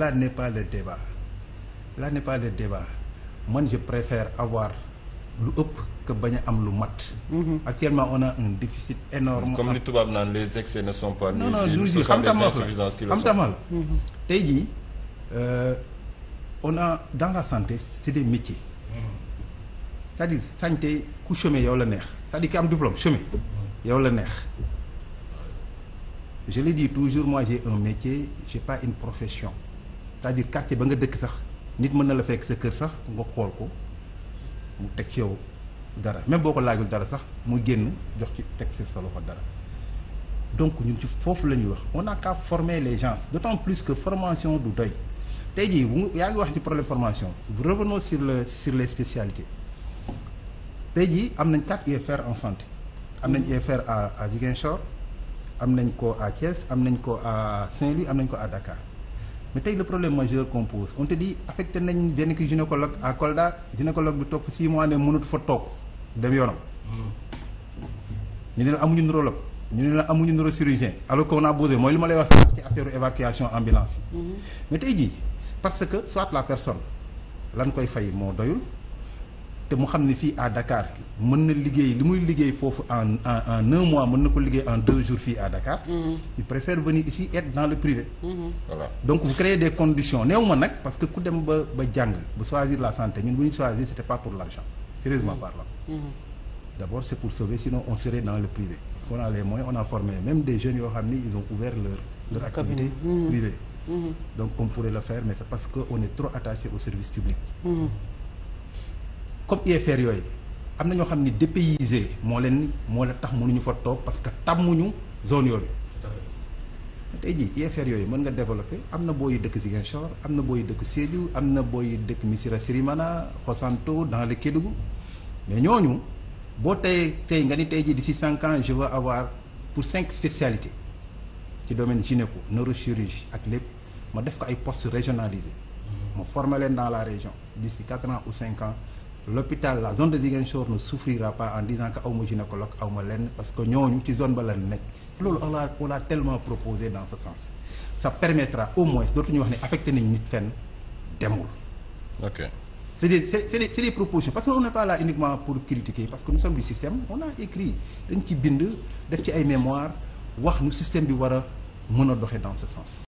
là n'est pas le débat là n'est pas le débat man je préfère avoir lu ëpp que bañ a am lu mat. Mhm. actuellement on a un déficit énorme comme li tubaab naan les excès ne sont pas. non non lu si xam tama la xam tama la tey jii euh, on a dans la santé c'est des métiers. Mhm. c'est-à-dire santé ku chômer yow la neex cest dire ki am diplôme chômer yow la neex je le dis toujours mois j'ai un métier j'ai pas une profession. c'est-à-dire quartier ba nga dëkk sax nit mën na la fekk sa kër sax nga xool ko mu teg ci yow dara même boo ko laajul dara sax mu génn jox ci teg ci sa loxo dara donc ñun ci foofu la ñuy wax on a qu'à former les gens d'autant plus que formation du doy tey jii bu yaa ngi wax ci problème formation revenons sur le sur les spécialités tey jii am nañ quatre UFR en santé am nañ UFR à à Ziguinchor am nañ ko à am nañ ko à Saint-Louis am nañ ko à Dakar mais tey le problème majeur qu'on pose on te dit affecté nañ benn ki gynécologue à Kolda gynécologue bi toog fa 6 mois ne mënut fa toog dem yoonam. ñu ne la amuñu neurologue ñu ne la amuñu neurochirurgien alors qu'on a posé mooy li ma lay wax sax ci affaire évacuation ambulance yi. Mhm. tey jii parce que soit la personne lan koy fay moo doyul. te mu xam ne fii à Dakar mën na liggéey li muy liggéey foofu en en en mois mën na ko liggéey en deux jours fii à Dakar. Mm-hmm. il préfère venir ici être dans le privé. Mm-hmm. voilà donc vous créez des conditions néew ma nag parce que ku dem ba ba jàng ba choisir la santé ñun bu ñu choisir c'était pas pour l'argent sérieusement mm-hmm. parlant. d'abord c'est pour sauver sinon on serait dans le privé parce qu'on a les moyens on a formé même des jeunes yoo xam ni ils ont ouvert leur on pourrait le faire parce que on est au service public. comme IFR yooyu am na ñoo xam ni dépaysé moo leen moo la tax mënuñu fa toog parce que tàmmuñu zone yooyu. tey jii IFR yooyu mën nga développer am na booyu dëkk Ziguinchor am na booy dëkk Sédhiou am na booy dëkk Missirah Sirimana Khossanto dans le Kédougou mais ñooñu boo tey tey nga ni tey jii d'ici cinq ans je veux avoir pour cinq spécialité ci domaine gynéco neurochirurgie ak lépp ma def ko ay postes régionalisés mm-hmm. ma former leen dans la région d'ici quatre ans ou cinq ans l'hôpital la zone de Ziguinchor ne souffrira pas en disant que aw ma lenn parce que ñooñu ci zone ba la nekk loolu on l'a on l'a tellement proposé dans ce sens ça permettra au moins dootuñu wax ne affecté nañ nit fenn demul. ok c'est des c'est des c'est des propositions parce que on n'est pas uniquement pour critiquer parce que nous sommes du système on a écrit dañ ci bind def ci ay mémoire wax nu système bi war a mën a doxee dans ce sens.